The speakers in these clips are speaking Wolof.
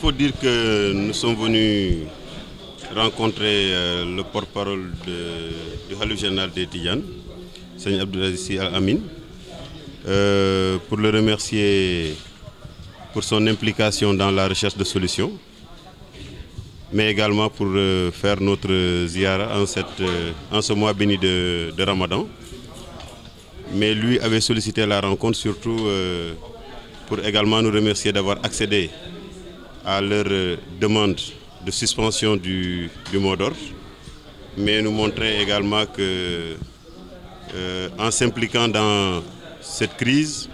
faut dire que nous sommes venus rencontrer euh, le porte-parole du Khalif général des Tidjanes, Seigneur Abdoulaziz Al Amin, euh, pour le remercier pour son implication dans la recherche de solution mais également pour euh, faire notre ziara en, euh, en ce mois béni de, de, Ramadan. Mais lui avait sollicité la rencontre surtout pour également nous remercier d'avoir accédé à leur euh, demande de suspension du, du mot d'ordre, mais nous montrer également que euh, en s'impliquant dans cette crise,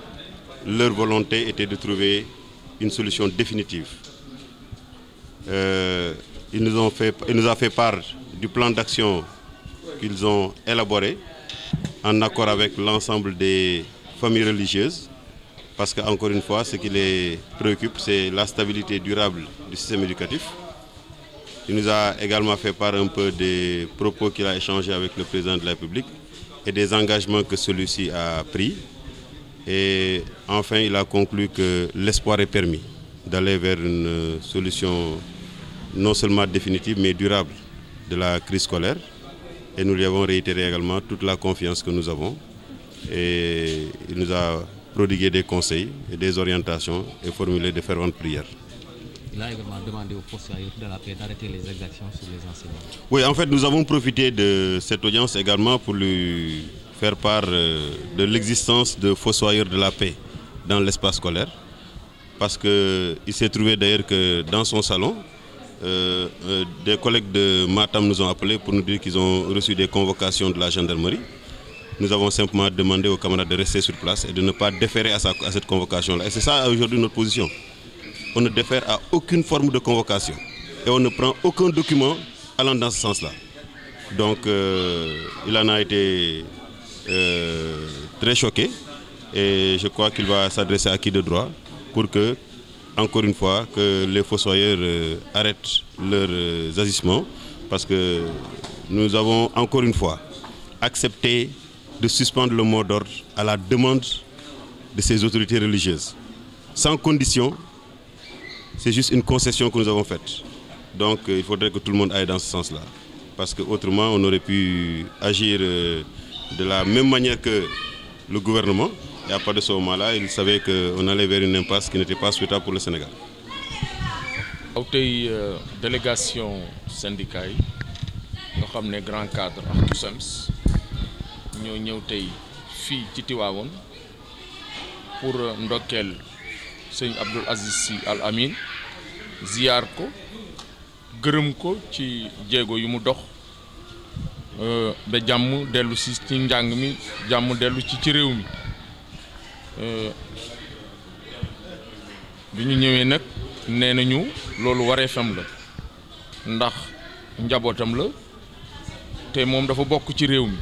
leur volonté était de trouver une solution définitive. Euh, ils nous ont fait, ils nous a fait part du plan d'action qu'ils ont élaboré en accord avec l'ensemble des familles religieuses parce que encore une fois, ce qui c'est la stabilité durable du système éducatif. Il nous a également fait part un peu des propos qu'il a échangés avec le président de la République et des engagements que celui-ci a pris. Et enfin, il a conclu que l'espoir est permis d'aller vers une euh, solution non seulement définitive mais durable de la crise scolaire. Et nous lui avons réitéré également toute la confiance que nous avons. Et il nous a prodiguer des conseils et des orientations et formuler de ferventes prières. Il a également demandé aux poursuivants de la paix d'arrêter les exactions sur les enseignants. Oui, en fait, nous avons profité de cette audience également pour lui faire part euh, de l'existence de fossoyeurs de la paix dans l'espace scolaire. Parce qu'il s'est trouvé d'ailleurs dans son salon, euh, euh, des collègues de Matam nous ont appelés pour nous dire qu'ils ont reçu des convocations de la gendarmerie. Nous avons simplement demandé aux camarades de rester sur place et de ne pas déférer à, cette convocation-là. Et c'est ça aujourd'hui notre position. On ne défère à aucune forme de convocation et on ne prend aucun document allant dans ce sens-là. Donc euh, il en a été euh, très choqué et je crois qu'il va s'adresser à qui de droit pour que, encore fois, les fossoyeurs euh, arrêtent leurs euh, agissements parce que nous avons encore une fois accepté de suspendre le mot d'ordre à la demande de ces autorités religieuses. Sans condition, c'est juste une concession que nous avons faite. Donc euh, il faudrait que tout le monde aille dans ce sens-là. Parce qu'autrement, on aurait pu agir euh, de la même manière que le gouvernement. Et à part de ce moment-là, il savait qu'on allait vers une impasse qui n'était pas souhaitable pour le Sénégal. ñoo ñëw tey fii ci Tiwaawoon pour euh, ndokkeel sëñ Abdoul Aziz Sy Al Amin ziyaar ko gërëm ko ci jéego yu mu dox da euh, jàmm dellu si ci njàng mi jàmm dellu ci ci réew mi euh, bi ñu ñëwee nag nee nañu loolu wareefam la ndax njabootam la te moom dafa bokk ci réew mi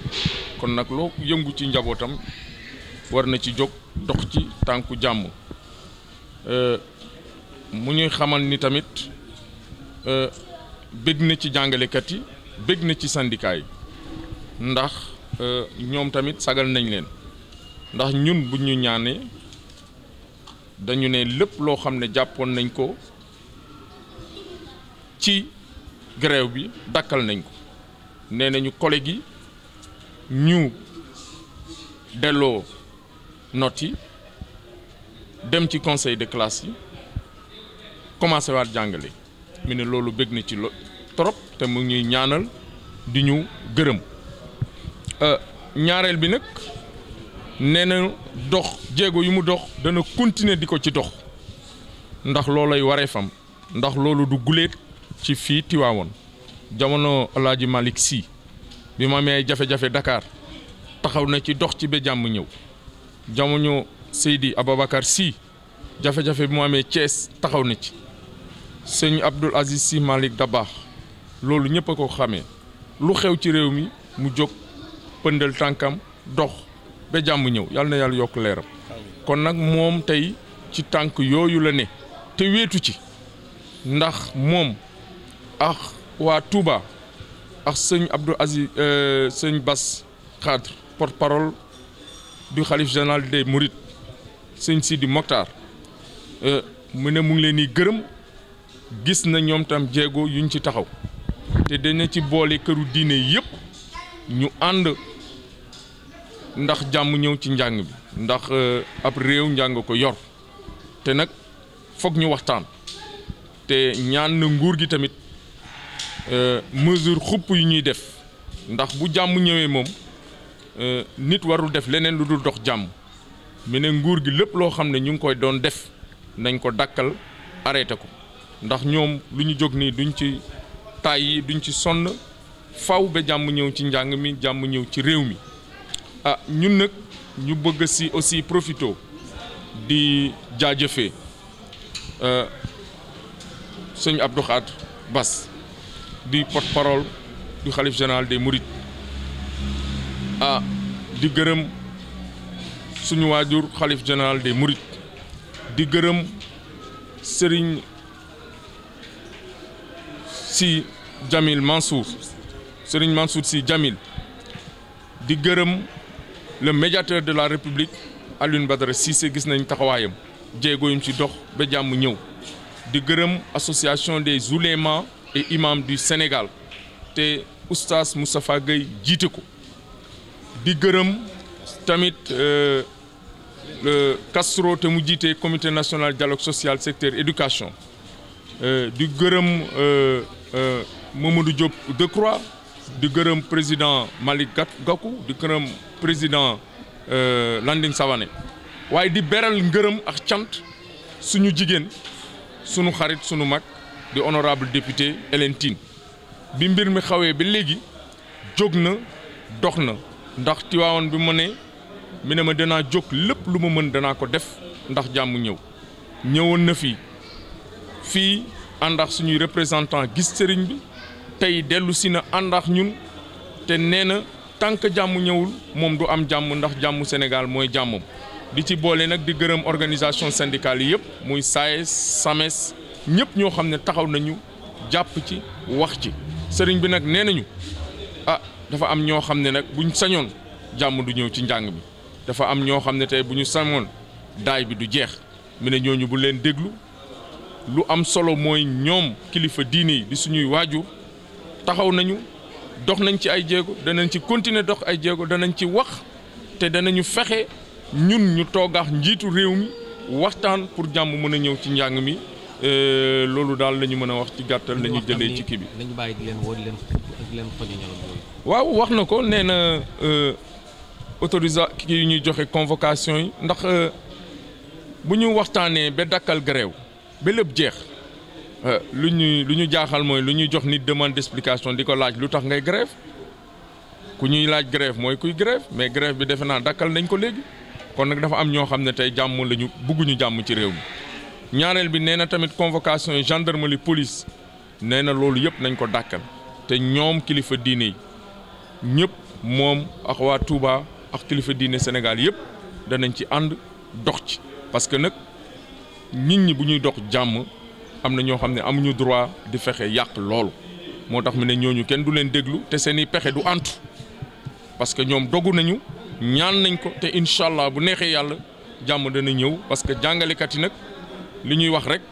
kon nag loo yëngu ci njabootam war na ci jóg dox ci tànku jàmm euh, mu ñuy xamal ni tamit euh, bëgg na ci jàngalekat yi bëgg na ci syndicat ndax euh, ñoom tamit sagal nañ leen ndax ñun bu ñu ñaanee dañu ne lépp loo xam ne jàppoon nañ ko ci grève bi dakkal nañ ko nee nañu collègue yi ñu delloo notes dem ci conseil de classe yi commencé waat jàngale mu ne loolu bëgg na ci lo trop te mu ñuy ñaanal di ñu gërëm euh, ñaareel bi nag nee na dox jéego yi mu dox dana continuer di ko ci dox ndax loolay waree fam ndax loolu du guléet ci fii Tiwaawoon jamono Alaaji Malick Sy bi mu amee jafe-jafe Dakar taxaw na ci dox ci ba jàmm ñëw jamono Seydi Ababacar Sy jafe-jafe bi mu amee Thiès taxaw na ci sëñ Abdoul Aziz Sy Malick Dabakh loolu ñëpp a ko xamee lu xew ci réew mi mu jóg pëndal tànkam dox ba jàmm ñëw yàlla na yàlla yokk leeram kon nag moom tey ci tànk yooyu la ne te wéetu ci ndax moom ak waa Touba. ak sëñ Abdou Aziz euh, sëñ bas Khadre porte-parole du xalif général des Mourides sëñ Sidi Mokhtar euh, mu ne mu ngi leen di gërëm gis na ñoom tam jéego yuñ ci taxaw te dana ci boole këru diine yëpp ñu ànd ndax jàmm ñëw ci njàng bi ndax euh, ab réew njàng ko yor te nag foog ñu waxtaan te ñaan na nguur gi tamit. Euh, mesure xupp yu ñuy def ndax bu jàmm ñëwee moom euh, nit warul def leneen lu dul dox jàmm mu ne nguur gi lépp loo xam ne ñu ngi koy doon def nañ ko dakkal arrêté ko ndax ñoom lu ñu jóg nii duñ ci tàyyi duñ ci sonn faw ba jàmm ñëw ci njàng mi jàmm ñëw ci réew mi ah ñun nag ñu bëgg si aussi profito di jaajëfee euh, sëñ Abdou Khadre Bass di porte-parole du xalif général des Mourides ah di gërëm suñu waajur xalif général des Mourides di gërëm sëriñ si Djamil Mansour Serigne Mansour si Djamil di gërëm le médiateur de la République Alioune Badara Cissé gis nañ taxawaayam jéego yum ci dox ba jàmm ñëw di gërëm association des oulémas et imam du Sénégal te oustaz Moustapha Gueye jiite ko di gërëm tamit euh, Castro te mu jiite comité national dialogue social secteur éducation euh, di gërëm euh, Mamadou Diop Decroix di gërëm président Malick Gakou di gërëm président Landing Savané waaye di beral ngërëm ak cant suñu jigéen suñu xarit suñu mag di honorable député Hélène bi mbir mi xawee ba léegi jóg na dox na ndax Tiwaawan bi mu ne mi ne ma danaa jóg lépp lu ma mën danaa ko def ndax jàmm ñëw ñëwoon na fii fii àndax suñuy représentant gis sëriñ bi tey dellu si na àndax ñun te nee na tant que jàmm ñëwul moom du am jàmm ndax jàmm Sénégal mooy jàmmam di ci boole nag di gërëm organisation syndicale yi yëpp muy SAES SAMES ñëpp ñoo xam ne taxaw nañu jàpp ci wax ci sëriñ bi nag nee nañu a ah, dafa am ñoo xam ne nag buñ sañoon jàmm du ñëw ci njàng mi dafa am ñoo xam ne tey bu ñu sañoon daay bi du jeex mu ne ñooñu bu leen déglu lu am solo mooy ñoom kilifa diine yi di suñuy waajur taxaw nañu dox nañ ci ay jéego danañ ci continuer dox ay jéego danañ ci wax te danañu fexe ñun ñu toogaax njiitu réew mi waxtaan pour jàmm mën a ñëw ci njàng mi Euh, loolu daal la ñu mën a wax ci gàttal la ñu jëlee ci kii bi. dañu bàyyi di leen woo leen leen xoñu ñoom waaw wax na ko nee na euh, autorisa kii yi ñuy joxe convocation yi ndax euh, bu ñu waxtaanee ba dakkal grève ba lépp jeex lu ñuy lu ñu jaaxal mooy lu ñuy jox nit demande d'explication di ko laaj lu tax ngay grève ku ñuy laaj grève mooy kuy grève mais grève bi defe naa dakkal nañ ko léegi kon nag dafa am ñoo xam ne tey jàmm la ñu bugguñu jàmm ci réew mi. ñaareel bi nee na tamit convocation yi gendarmerie polis nee na loolu yëpp nañ ko dàkkal te ñoom kilifa diine yi ñëpp moom ak waa Touba ak kilifa diine Sénégal yëpp danañ ci ànd dox ci parce que nag nit ñi bu ñuy dox jàmm am na ñoo xam ne amuñu droit di fexe yàq loolu moo tax mu ne ñooñu kenn du leen déglu te seeni pexe du antu parce que ñoom dogu nañu ñaan nañ ko te incha allah bu neexee yàlla jàmm dana ñëw parce que jàngalekat yi nag. li ñuy wax rek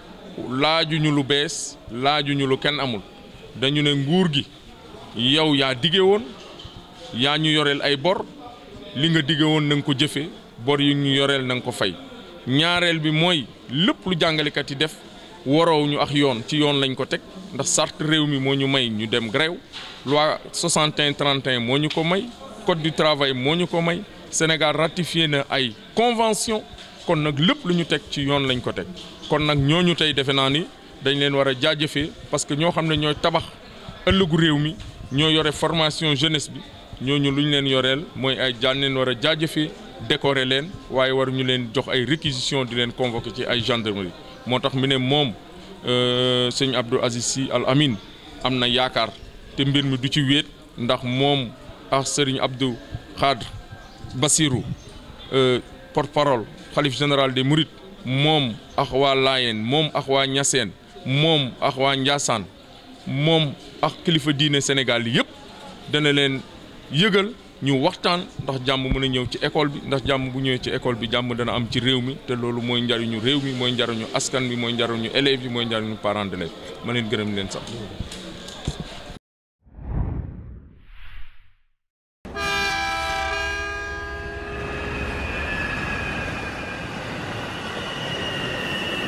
laajuñu lu bees laajuñu lu kenn amul dañu ne nguur gi yow yaa dige woon yaa ñu yoreel ay bor li nga dige woon na ko jëfe bor yi ñu yoreel na nga ko fay ñaareel bi mooy lépp lu jàngalekat yi def waroow ñu ak yoon ci yoon lañ ko teg ndax sart réew mi moo ñu may ñu dem grève loi 61 31 moo ñu ko may kot di travail moo ñu ko may Sénégal ratifié na ay convention kon nag lépp lu ñu teg ci yoon lañ ko teg kon nag ñooñu tey defe naa ni dañ leen war a jaajëfee parce que ñoo xam ne ñooy tabax ëllëgu réew mi ñoo yore formation jeunesse bi ñooñu lu ñu leen yoreel mooy ay jaan leen war a jaajëfee décorer leen waaye war ñu leen jox ay réquisition di leen convoqué ci ay gendarmerie moo tax mu ne moom euh, sëñ Abdou Aziz Sy Al Amin am na yaakaar te mbir mi du ci wéet ndax moom ak sëriñ Abdou Khadre Bassirou euh, porte-parole xalif général des Mourides moom ak waa Laayeen moom ak waa Ñaseen moom ak waa Njaasaan moom ak kilifa diine Sénégal yëpp dana leen yëgal ñu waxtaan ndax jàmm mën a ñëw ci école bi ndax jàmm bu ñëwee ci école bi jàmm dana am ci réew mi te loolu mooy njariñu réew mi mooy njariñu askan bi mooy njariñu élèves yi mooy njariñu parents d'élèves ma leen gërëm leen sax